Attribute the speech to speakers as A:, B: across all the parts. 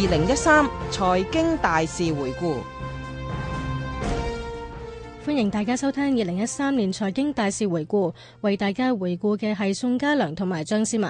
A: 二零一三財經大事回顧，歡迎大家收聽二零一三年財經大事回顧。為大家回顧嘅係宋家良同埋張思文。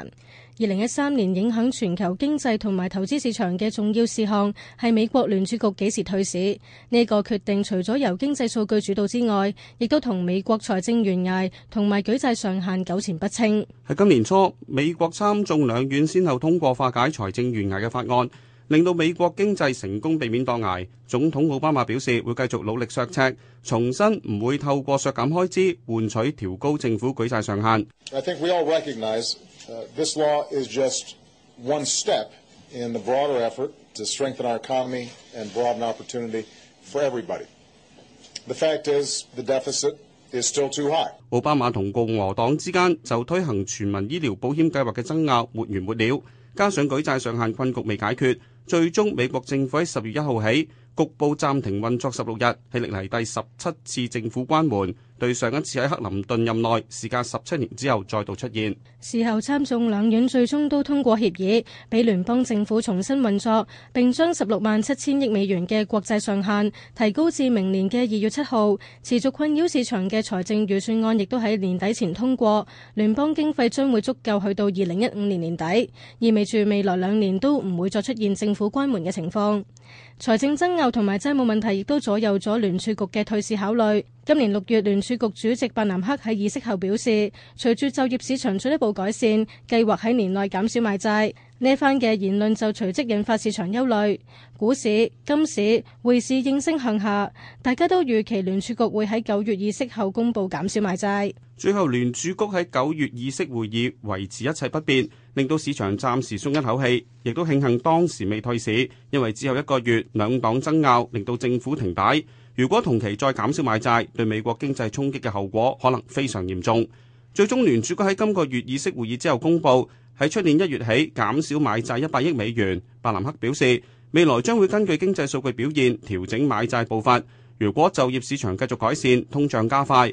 A: 二零一三年影響全球經濟同埋投資市場嘅重要事項係美國聯儲局幾時退市？呢個決定除咗由經濟數據主導之外，亦都同美國財政懸崖同埋舉債上限糾纏不清。
B: 喺今年初，美國參眾兩院先後通過化解財政懸崖嘅法案。令到美國經濟成功避免墮崖，總統奧巴馬表示會繼續努力削赤，重申唔會透過削減開支換取調高政府舉債上限。
C: I think we all recognize this law is just one step in the broader effort to strengthen our economy and broaden opportunity for everybody. The fact is, the
A: deficit is still too high.
B: 奧巴馬同共和黨之間就推行全民醫療保險計劃嘅爭拗沒完沒了，加上舉債上限困局未解決。最終，美國政府喺十月一號起局部暫停運作十六日，係歷來第十七次政府關門。對上一次喺克林頓任內，時隔十七年之後再度出現。
A: 事後參眾兩院最終都通過協議，俾聯邦政府重新運作，並將十六萬七千億美元嘅國債上限提高至明年嘅二月七號。持續困擾市場嘅財政預算案亦都喺年底前通過，聯邦經費將會足夠去到二零一五年年底，意味住未來兩年都唔會再出現政府關門嘅情況。財政爭拗同埋債務問題亦都左右咗聯儲局嘅退市考慮。今年六月，聯儲局主席伯南克喺議息後表示，隨住就業市場進一步改善，計劃喺年內減少買債。呢番嘅言論就隨即引發市場憂慮，股市、金市、匯市應聲向下。大家都預期聯儲局會喺九月議息後公布減少買債。
B: 最後，聯儲局喺九月議息會議維持一切不變，令到市場暫時鬆一口氣，亦都慶幸當時未退市，因為之後一個月，兩黨爭拗令到政府停擺。如果同期再減少買債，對美國經濟衝擊嘅後果可能非常嚴重。最終聯儲局喺今個月議息會議之後公佈，喺出年一月起減少買債一百億美元。伯南克表示，未來將會根據經濟數據表現調整買債步伐。如果就業市場繼續改善，通脹加快。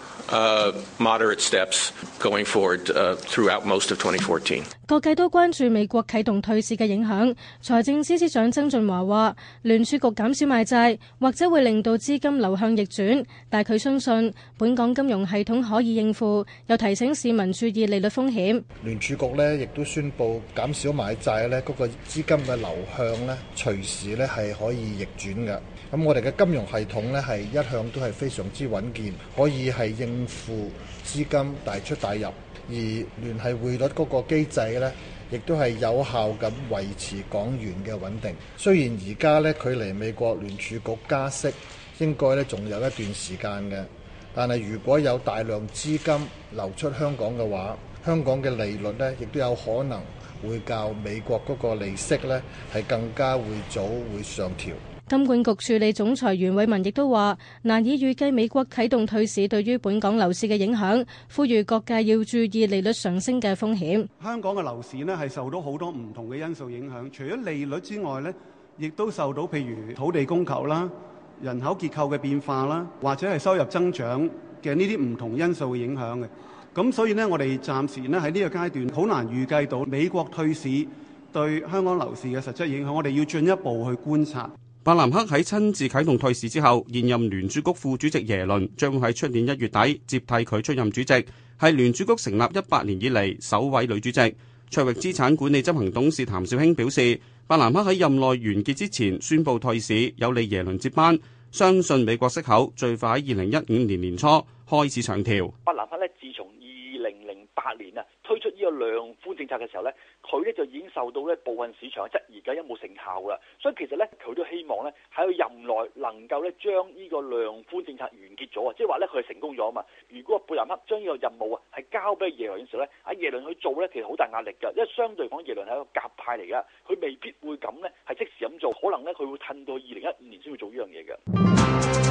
A: 各界都關注美國啟動退市嘅影響。財政司司長曾俊華話，聯儲局減少買債，或者會令到資金流向逆轉。但佢相信本港金融系統可以應付，又提醒市民注意利率風險。
C: 聯儲局咧，亦都宣布減少買債咧，嗰個資金嘅流向咧，隨時咧係可以逆轉嘅。咁我哋嘅金融系統咧係一向都係非常之穩健，可以係應付資金大出大入，而聯繫匯率嗰個機制咧，亦都係有效咁維持港元嘅穩定。雖然而家咧距離美國聯儲局加息，應該咧仲有一段時間嘅，但係如果有大量資金流出香港嘅話，香港嘅利率咧亦都有可能會較美國嗰個利息咧係更加會早會
A: 上調。金管局助理總裁袁偉文亦都話難以預計美國啟動退市對於本港樓市嘅影響，呼籲各界要注意利率上升嘅風險。香
B: 港嘅樓市咧係受到好多唔同嘅因素影響，除咗利率之外咧，亦都受到譬如土地供求啦、人口結構嘅變化啦，或者係收入增長嘅呢啲唔同因素嘅影響嘅。咁所以咧，我哋暫時咧喺呢個階段好難預計到美國退市對香港樓市嘅實質影響。我哋要進一步去觀察。伯南克喺親自啟動退市之後，現任聯儲局副主席耶倫將喺出年一月底接替佢出任主席，係聯儲局成立一百年以嚟首位女主席。卓越資產管理執行董事譚少卿表示，伯南克喺任內完結之前宣布退市，有利耶倫接班，相信美國息口最快喺二零一五年年初開始上調。
C: 伯南克咧，自從八年啊，推出呢個量寬政策嘅時候呢，佢呢就已經受到呢部分市場嘅質疑，而家有冇成效啦？所以其實呢，佢都希望呢喺佢任內能夠呢將呢個量寬政策完結咗啊！即係話呢，佢係成功咗啊嘛。如果貝南克將呢個任務啊係交俾耶倫嘅時候呢，喺耶倫去做呢，其實好大壓力㗎，因為相對講耶倫係一個鴿派嚟㗎，佢未必會咁呢係即時咁做，可能呢，佢會褪到二零一五年先會做呢樣嘢嘅。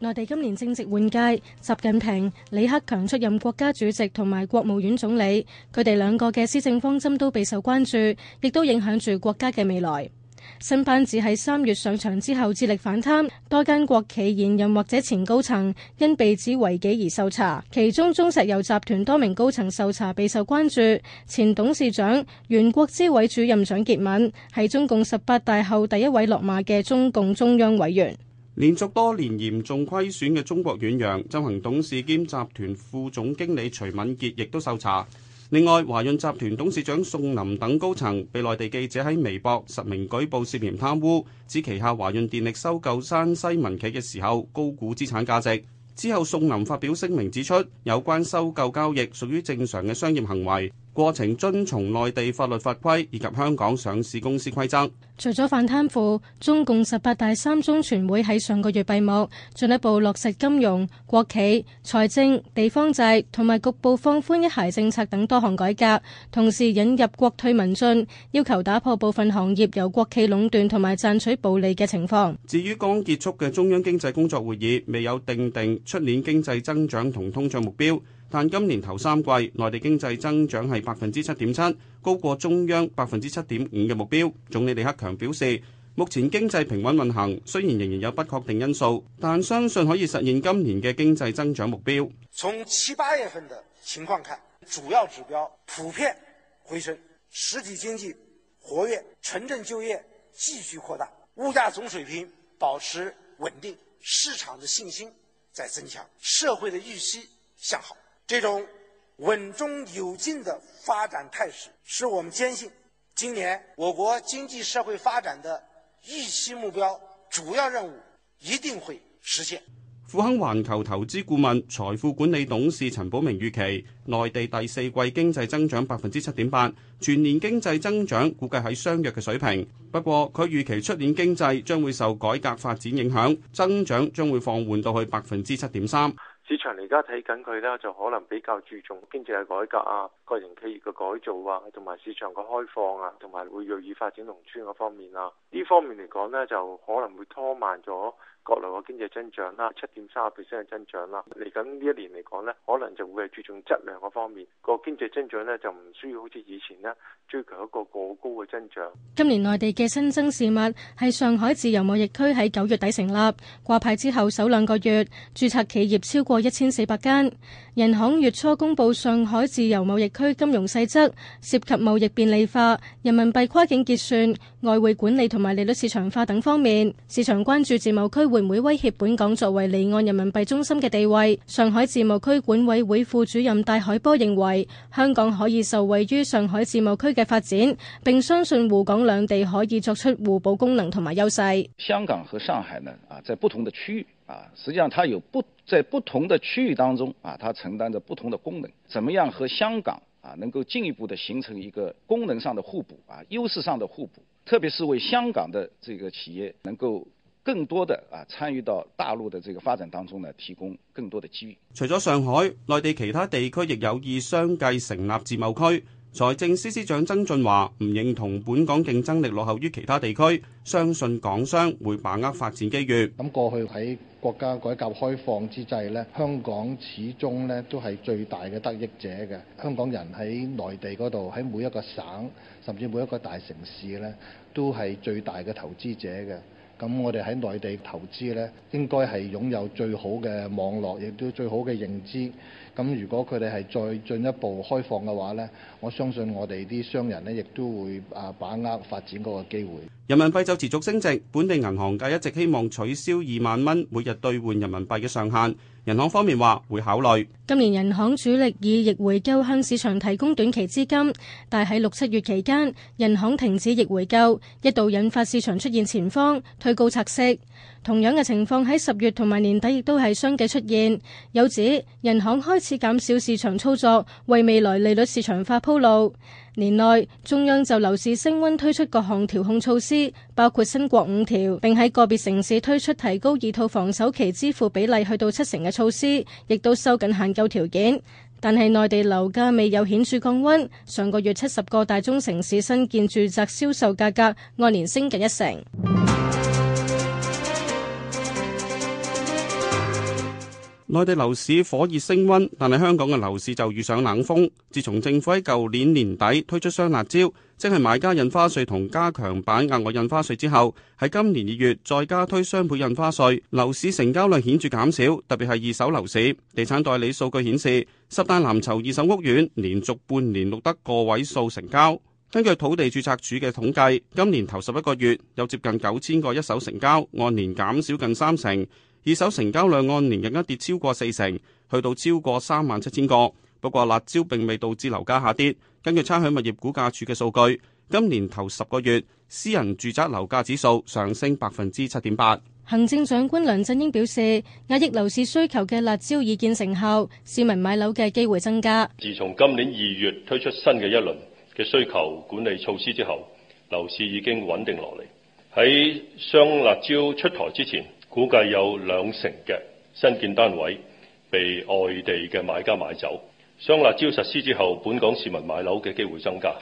A: 內地今年正值換屆，習近平、李克強出任國家主席同埋國務院總理，佢哋兩個嘅施政方針都備受關注，亦都影響住國家嘅未來。新班子喺三月上場之後致力反貪，多間國企現任或者前高層因被指違紀而受查，其中中石油集團多名高層受查備受關注。前董事長、原國資委主任蔣潔敏係中共十八大後第一位落馬嘅中共中央委員。
B: 連續多年嚴重虧損嘅中國遠洋執行董事兼集團副總經理徐敏杰亦都受查。另外，華潤集團董事長宋林等高層被內地記者喺微博實名舉報涉嫌貪污，指旗下華潤電力收購山西民企嘅時候高估資產價值。之後，宋林發表聲明指出，有關收購交易屬於正常嘅商業行為。過程遵從內地法律法規以及香港上市公司規則。
A: 除咗反貪腐，中共十八大三中全會喺上個月閉幕，進一步落實金融、國企、財政、地方制同埋局部放寬一孩政策等多項改革，同時引入國退民進，要求打破部分行業由國企壟斷同埋賺取暴利嘅情況。
B: 至於剛結束嘅中央經濟工作會議，未有定定出年經濟增長同通脹目標。但今年頭三季內地經濟增長係百分之七點七，高過中央百分之七點五嘅目標。總理李克強表示，目前經濟平穩運行，雖然仍然有不確定因素，但相信可以實現今年嘅經濟增長目標。
C: 從七八月份的情況看，主要指標普遍回升，實體經濟活躍，城鎮就業繼續擴大，物價總水平保持穩定，市場的信心在增強，社會的預期向好。這種穩中有進的發展態勢，使我們堅信今年我國經濟社會發展的預期目標、主要任務一
A: 定會實現。
B: 富亨環球投資顧問財富管理董事陳寶明預期，內地第四季經濟增長百分之七點八，全年經濟增長估計喺相約嘅水平。不過，佢預期出年經濟將會受改革發展影響，增長將會放緩到去百分之七點三。
C: 市場而家睇緊佢咧，就可能比較注重經濟嘅改革啊、國營企業嘅改造啊，同埋市場嘅開放啊，同埋會銳意發展農村嗰方面啦、啊。呢方面嚟講呢，就可能會拖慢咗國內嘅經濟增長啦、啊，七點三啊 percent 嘅增長啦、啊。嚟緊呢一年嚟講呢，可能就會係注重質量嘅方面，這個經濟增長呢，就唔需要好似以前呢追求一個過高嘅增
A: 長。今年內地嘅新增事物係上海自由貿易區喺九月底成立掛牌之後首兩個月，註冊企業超過一千四百間。銀行月初公布上海自由貿易區金融細則，涉及貿易便利化、人民幣跨境結算、外匯管理同埋利率市場化等方面。市場關注自貿區會唔會威脅本港作為離岸人民幣中心嘅地位。上海自貿區管委會副主任戴海波認為，香港可以受惠於上海自貿區嘅發展，並相信滬港兩地可以作出互補功能同埋優勢。
C: 香港和上海呢啊，在不同的區域。啊，實際上它有不在不同的區域當中啊，它承擔着不同的功能。怎麼樣和香港啊，能夠進一步的形成一個功能上的互補啊，優勢上的互補，特別是為香港的這個企業能夠更多的啊參與到大陸的這個發展當中呢，提供更多的機遇。
B: 除咗上海，內地其他地區亦有意相繼成立自貿區。財政司司長曾俊華唔認同本港競爭力落後於其他地區，相信港商會把握發展機遇。咁過
C: 去喺國家改革開放之際咧，香港始終咧都係最大嘅得益者嘅。香港人喺內地嗰度，喺每一個省甚至每一個大城市咧，都係最大嘅投資者嘅。咁我哋喺內地投資呢，應該係擁有最好嘅網絡，亦都最好嘅認知。咁如果佢哋係再進一步開放嘅話呢，我相信我哋啲商人呢，亦都會啊把
A: 握發展嗰個機會。
B: 人民幣就持續升值，本地銀行界一直希望取消二萬蚊每日兌換人民幣嘅上限。人行方面話會考慮，
A: 今年人行主力以逆回購向市場提供短期資金，但喺六七月期間，人行停止逆回購，一度引發市場出現錢荒，推高拆息。同樣嘅情況喺十月同埋年底亦都係相繼出現，有指人行開始減少市場操作，為未來利率市場化鋪路。年內，中央就樓市升温推出各項調控措施，包括新國五條，並喺個別城市推出提高二套房首期支付比例去到七成嘅措施，亦都收緊限購條件。但係內地樓價未有顯著降温，上個月七十個大中城市新建住宅銷售價格按年升近一成。
B: 內地樓市火熱升溫，但係香港嘅樓市就遇上冷風。自從政府喺舊年年底推出雙辣招，即係買家印花稅同加強版額外印花稅之後，喺今年二月再加推雙倍印花稅，樓市成交量顯著減少，特別係二手樓市。地產代理數據顯示，十大藍籌二手屋苑連續半年錄得個位數成交。根據土地注冊處嘅統計，今年頭十一個月有接近九千個一手成交，按年減少近三成。二手成交量按年更加跌超過四成，去到超過三萬七千個。不過辣招並未導致樓價下跌。根據差餉物業估價署嘅數據，今年頭十個月私人住宅樓價指數上升百分之七點八。
A: 行政長官梁振英表示，壓抑樓市需求嘅辣招已見成效，市民買樓嘅機會增加。
B: 自從今年二月推出新嘅一輪嘅需求管理措施之後，樓市已經穩定落嚟。喺雙辣招出台之前。估計有兩成嘅新建單位被外地嘅買家買走。雙辣招實施之後，本港市民買樓嘅機會增加，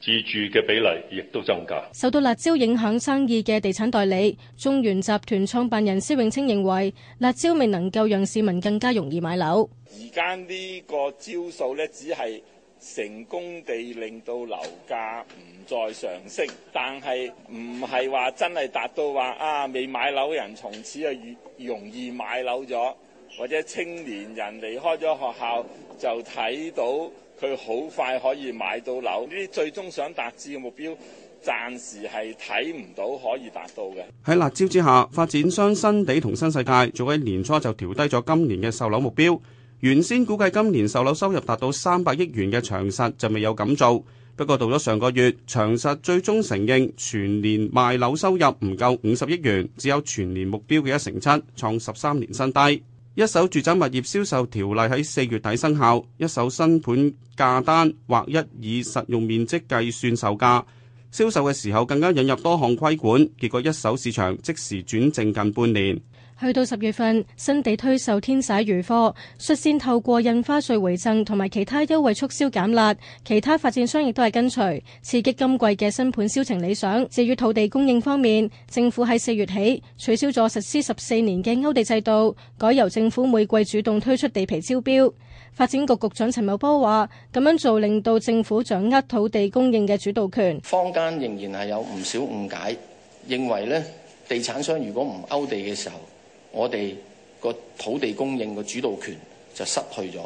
B: 自住嘅比例亦都增加。
A: 受到辣招影響生意嘅地產代理中原集團創辦人施永青認為，辣招未能夠讓市民更加容易買樓。
B: 而家呢個招數咧，只係成功地令到樓價在上升，但係唔係話真係達到話啊，未買樓人從此啊容易買樓咗，或者青年人離開咗學校就睇到佢好快可以買到樓。呢啲最終想達至嘅目標，
C: 暫時係睇唔到可以達到嘅。
B: 喺辣招之下，發展商新地同新世界早喺年初就調低咗今年嘅售樓目標。原先估計今年售樓收入達到三百億元嘅長實就未有咁做。不過，到咗上個月，長實最終承認全年賣樓收入唔夠五十億元，只有全年目標嘅一成七，創十三年新低。一手住宅物業銷售條例喺四月底生效，一手新盤價單劃一以實用面積計算售價，銷售嘅時候更加引入多項規管，結果一手市場即時轉靜近半年。
A: 去到十月份，新地推售天璽愉貨，率先透過印花稅回贈同埋其他優惠促銷減辣，其他發展商亦都係跟隨，刺激今季嘅新盤銷情理想。至於土地供應方面，政府喺四月起取消咗實施十四年嘅勾地制度，改由政府每季主動推出地皮招標。發展局局長陳茂波話，咁樣做令到政府掌握土地供應嘅主導權，
C: 坊間仍然係有唔少誤解，認為咧，地產商如果唔勾地嘅時候，我哋個土地供應嘅主導權就失去咗，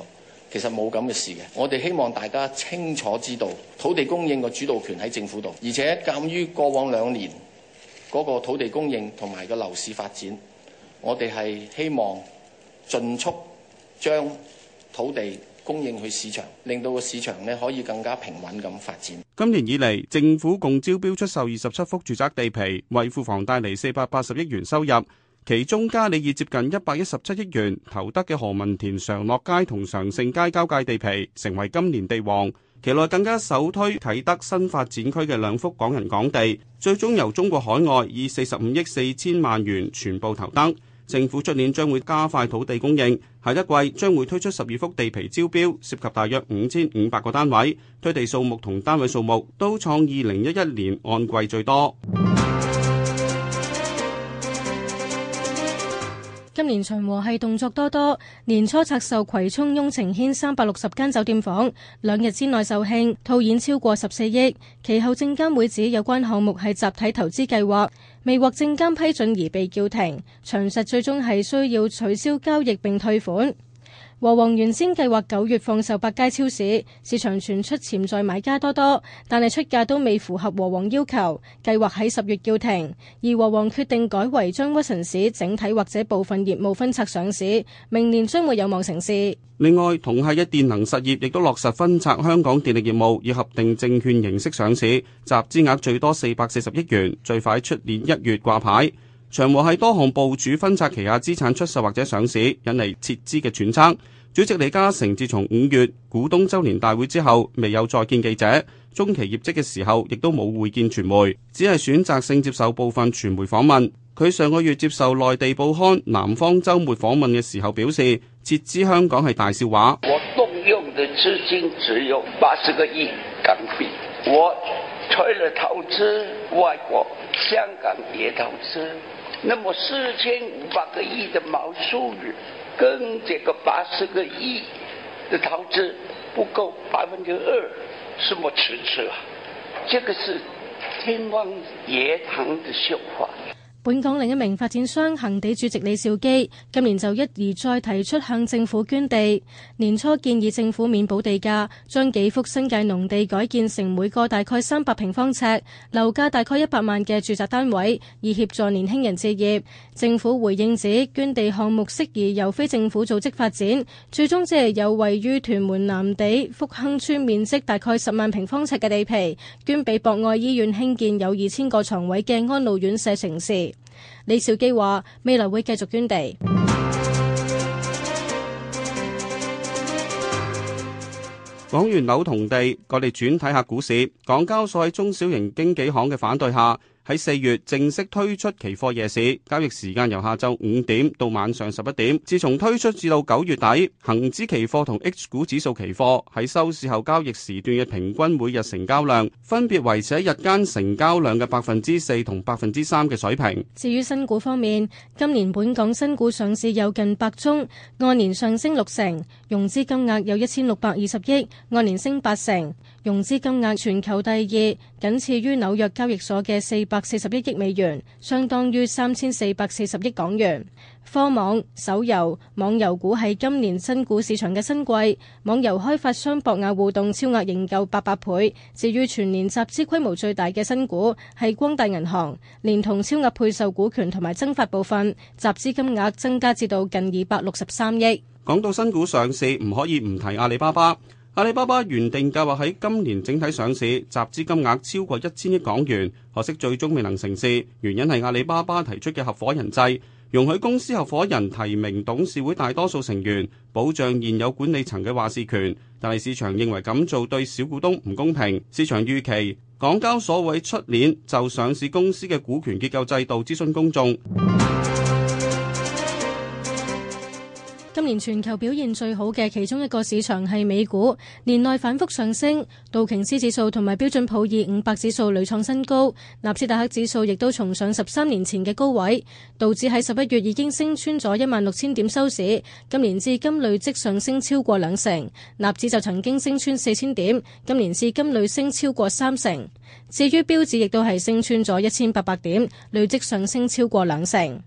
C: 其實冇咁嘅事嘅。我哋希望大家清楚知道，土地供應嘅主導權喺政府度，而且鑑於過往兩年嗰個土地供應同埋個樓市發展，我哋係希望盡速將土地供應去市場，令到個市場呢可以更加平穩咁發展。
B: 今年以嚟，政府共招標出售二十七幅住宅地皮，為庫房帶嚟四百八十億元收入。其中，嘉里以接近一百一十七億元投得嘅何文田常樂街同常盛街交界地皮，成為今年地王。期內更加首推啟德新發展區嘅兩幅港人港地，最終由中國海外以四十五億四千萬元全部投得。政府出年將會加快土地供應，下一季將會推出十二幅地皮招標，涉及大約五千五百個單位，推地數目同單位數目都創二零一一年按季最多。
A: 今年長和係動作多多，年初拆售葵涌雍澄軒三百六十間酒店房，兩日之內售罄，套現超過十四億。其後證監會指有關項目係集體投資計劃，未獲證監批准而被叫停，長實最終係需要取消交易並退款。和黃原先計劃九月放售百佳超市，市場傳出潛在買家多多，但係出價都未符合和黃要求，計劃喺十月叫停。而和黃決定改為將屈臣氏整體或者部分業務分拆上市，明年將會有望成事。
B: 另外，同系一電能實業亦都落實分拆香港電力業務，以合訂證券形式上市，集資額最多四百四十億元，最快出年一月掛牌。長和係多項部署分拆旗下資產出售或者上市，引嚟撤資嘅揣測。主席李嘉誠自從五月股東周年大會之後，未有再見記者。中期業績嘅時候，亦都冇會見傳媒，只係選擇性接受部分傳媒訪問。佢上個月接受內地報刊《南方周末》訪問嘅時候表示，撤資香港係大笑話。
C: 我動用嘅資
B: 金只有八十個億港幣，我除了投資外國，香港也投資。那麼四千五百個億的毛收入，跟這個八十個億的投資
C: 不夠百分之二，什麼城市啊？
A: 這個
C: 是天方夜譚的笑話。
A: 本港另一名發展商恆地主席李兆基今年就一而再提出向政府捐地，年初建議政府免補地價，將幾幅新界農地改建成每個大概三百平方尺、樓價大概一百萬嘅住宅單位，以協助年輕人置業。政府回應指捐地項目適宜由非政府組織發展，最終只係有位於屯門南地福亨村、面積大概十萬平方尺嘅地皮捐俾博愛醫院，興建有二千個床位嘅安老院舍城市。李兆基話：未來會繼續捐地。
B: 講完樓同地，我哋轉睇下股市。港交所喺中小型經紀行嘅反對下，喺四月正式推出期貨夜市，交易時間由下晝五點到晚上十一點，自從推出至到九月底，恒指期貨同 H 股指數期貨喺收市後交易時段嘅平均每日成交量，分別維持喺日間成交量嘅百分之四同百分之三嘅水平。
A: 至於新股方面，今年本港新股上市有近百宗，按年上升六成，融資金額有一千六百二十億，按年升八成。融資金額全球第二，僅次於紐約交易所嘅四百四十一億美元，相當於三千四百四十億港元。科網手遊網遊股係今年新股市場嘅新貴，網遊開發商博雅互動超額認購八百倍。至於全年集資規模最大嘅新股係光大銀行，連同超額配售股權同埋增發部分，集資金額增加至到近二百六十三億。
B: 講到新股上市，唔可以唔提阿里巴巴。阿里巴巴原定計劃喺今年整體上市，集資金額超過一千億港元，可惜最終未能成事。原因係阿里巴巴提出嘅合夥人制，容許公司合夥人提名董事會大多數成員，保障現有管理層嘅話事權。但係市場認為咁做對小股東唔公平。市場預期港交所會出年就上市公司嘅股權結構制度諮詢公眾。
A: 今年全球表現最好嘅其中一個市場係美股，年內反復上升。道瓊斯指數同埋標準普爾五百指數屢創新高，納斯達克指數亦都重上十三年前嘅高位。道指喺十一月已經升穿咗一萬六千點收市，今年至今累積上升超過兩成。納指就曾經升穿四千點，今年至今累升超過三成。至於標指亦都係升穿咗一千八百點，累積上升超過兩成。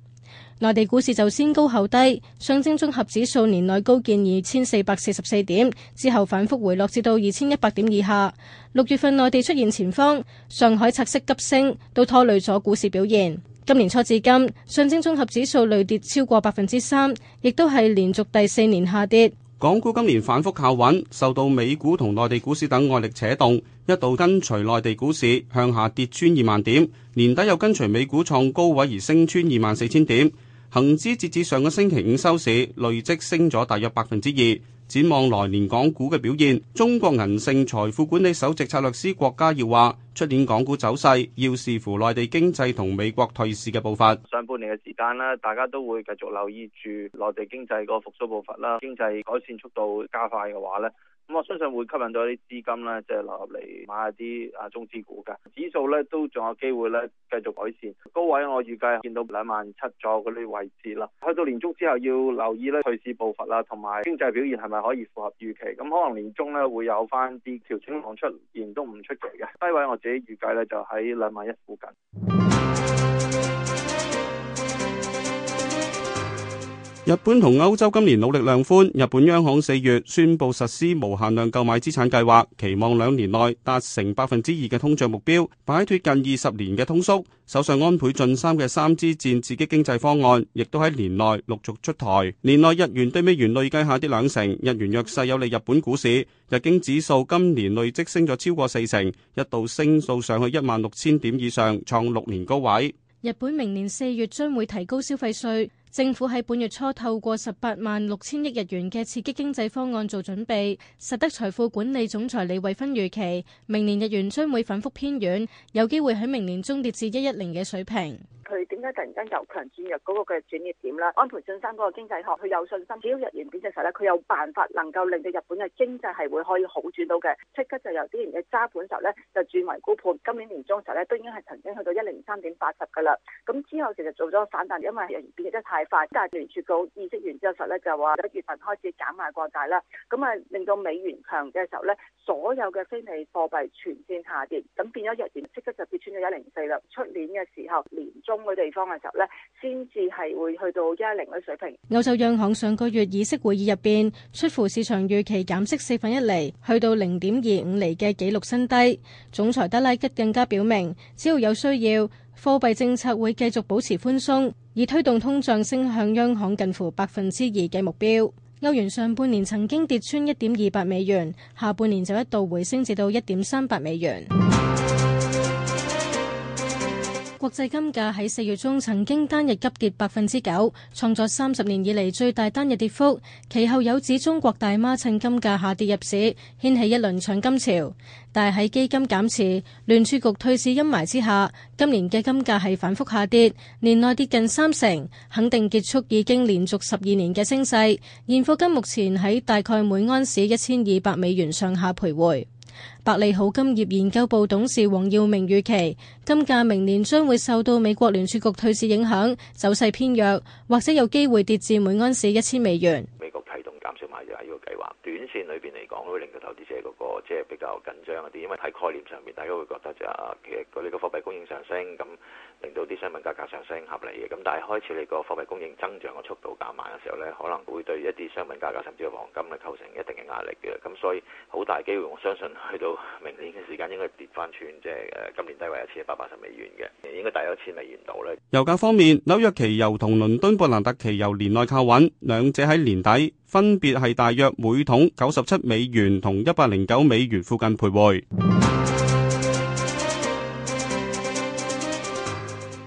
A: 內地股市就先高後低，上證綜合指數年內高見二千四百四十四點，之後反覆回落至到二千一百點以下。六月份內地出現錢荒，上海拆息急升，都拖累咗股市表現。今年初至今，上證綜合指數累跌超過百分之三，亦都係連續第四年下跌。
B: 港股今年反覆靠穩，受到美股同內地股市等外力扯動，一度跟隨內地股市向下跌穿二萬點，年底又跟隨美股創高位而升穿二萬四千點。恒指截至上個星期五收市累積升咗大約百分之二，展望來年港股嘅表現，中國銀盛財富管理首席策略師郭家耀話：出年港股走勢要視乎內地經濟同美國退市嘅步伐。
C: 上半年嘅時間啦，大家都會繼續留意住內地經濟個復甦步伐啦，經濟改善速度加快嘅話咧。咁我相信會吸引到啲資金咧，即係流入嚟買下啲啊中資股嘅指數咧，都仲有機會咧繼續改善。高位我預計見到兩萬七咗嗰啲位置啦。去到年終之後要留意咧退市步伐啦，同埋經濟表現係咪可以符合預期？咁可能年終咧會有翻啲調升浪出現都唔出奇嘅。低位我自己預計咧就喺兩萬一附近。
B: 日本同歐洲今年努力量寬。日本央行四月宣布實施無限量購買資產計劃，期望兩年內達成百分之二嘅通脹目標，擺脫近二十年嘅通縮。首相安倍晉三嘅三支箭刺激經濟方案，亦都喺年內陸續出台。年內日元對美元累計下跌兩成，日元弱勢有利日本股市。日經指數今年累積升咗超過四成，一度升到上去一萬六千點以上，創六年高位。
A: 日本明年四月將會提高消費稅。政府喺本月初透過十八萬六千億日元嘅刺激經濟方案做準備，實德財富管理總裁李慧芬預期，明年日元將會反覆偏軟，有機會喺明年中跌至一一零嘅水平。佢點解突然間由強轉弱嗰個嘅轉折點咧？安倍晉三嗰個經濟學，佢有信心，只要日元貶值時候咧，佢有辦法能夠令到日本嘅經濟係會可以好轉到嘅。即刻就由之前嘅揸盤時候咧，就轉為沽盤。今年年中嘅時候咧，都已經係曾經去到一零三點八十㗎啦。咁之後其實做咗反彈，因為日元貶值得太快。但係聯儲局議息完之後咧，就話一月份開始減賣國債啦。咁啊，令到美元強嘅時候咧，所有嘅非美貨幣全線下跌。咁變咗日元即刻就跌穿咗一零四啦。出年嘅時候，年中。個地方嘅時候咧，先至係會去到一零嘅水平。歐洲央行上個月議息會議入邊，出乎市場預期減息四分一厘，去到零點二五厘嘅紀錄新低。總裁德拉吉更加表明，只要有需要，貨幣政策會繼續保持寬鬆，以推動通脹升向央行近乎百分之二嘅目標。歐元上半年曾經跌穿一點二八美元，下半年就一度回升至到一點三八美元。國際金價喺四月中曾經單日急跌百分之九，創造三十年以嚟最大單日跌幅。其後有指中國大媽趁金價下跌入市，掀起一輪搶金潮。但係喺基金減持、聯儲局退市陰霾之下，今年嘅金價係反覆下跌，年內跌近三成，肯定結束已經連續十二年嘅升勢。現貨金目前喺大概每安士一千二百美元上下徘徊。百利好金業研究部董事黃耀明預期金價明年將會受到美國聯儲局退市影響走勢偏弱，或者有機會跌至每安士一千美元。
C: 美國啟動減少買入呢個計劃，短線裏邊嚟講會令到投資者嗰個即係比較緊張一啲，因為喺概念上面，大家會覺得就其實佢呢個貨幣供應上升咁。令到啲商品價格上升合理嘅，咁但係開始你個貨幣供應增長嘅速度減慢嘅時候咧，可能會對一啲商品價格甚至係黃金啊構成一定嘅壓力嘅，咁所以好大機會我相信去到明年嘅時間應該跌翻轉，即係誒今年低位一千一百八十美
B: 元嘅，應該大約一千美元度咧。油價方面，紐約期油同倫敦布蘭特期油年內靠穩，兩者喺年底分別係大約每桶九十七美元同一百零九美元附近徘徊。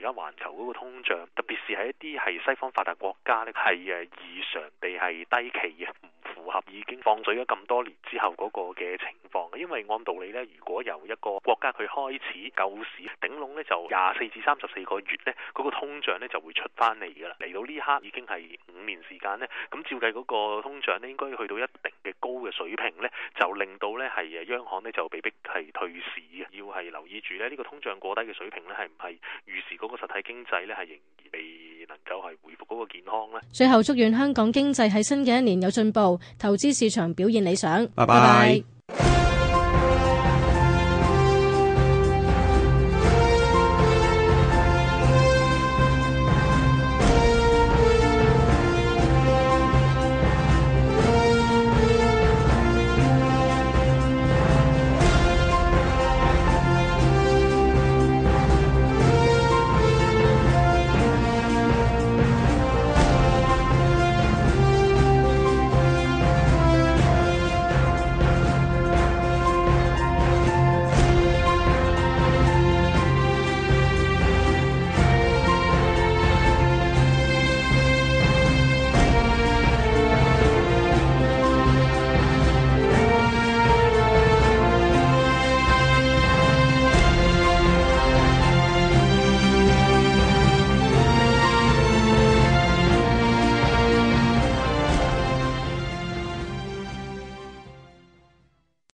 A: 而家環球嗰個通脹，
C: 特別是喺一啲係西方發達國家呢係誒異常地係低企嘅，唔符合已經放水咗咁多年之後嗰個嘅情況。因為按道理呢，如果由一個國家佢開始救市，頂籠呢就廿四至三十四個月呢嗰、嗰個通脹呢就會出翻嚟㗎啦。嚟到呢刻已經係五年時間呢，咁照計嗰個通脹呢應該去到一高嘅水平咧，就令到咧係誒，央行咧就被逼係退市啊，要係留意住咧呢個通脹過低嘅水平咧，係唔係預示嗰個實體經濟咧係仍然未能夠係
A: 回復嗰個健康呢？最後祝願香港經濟喺新嘅一年有進步，投資市場表現理想。拜拜。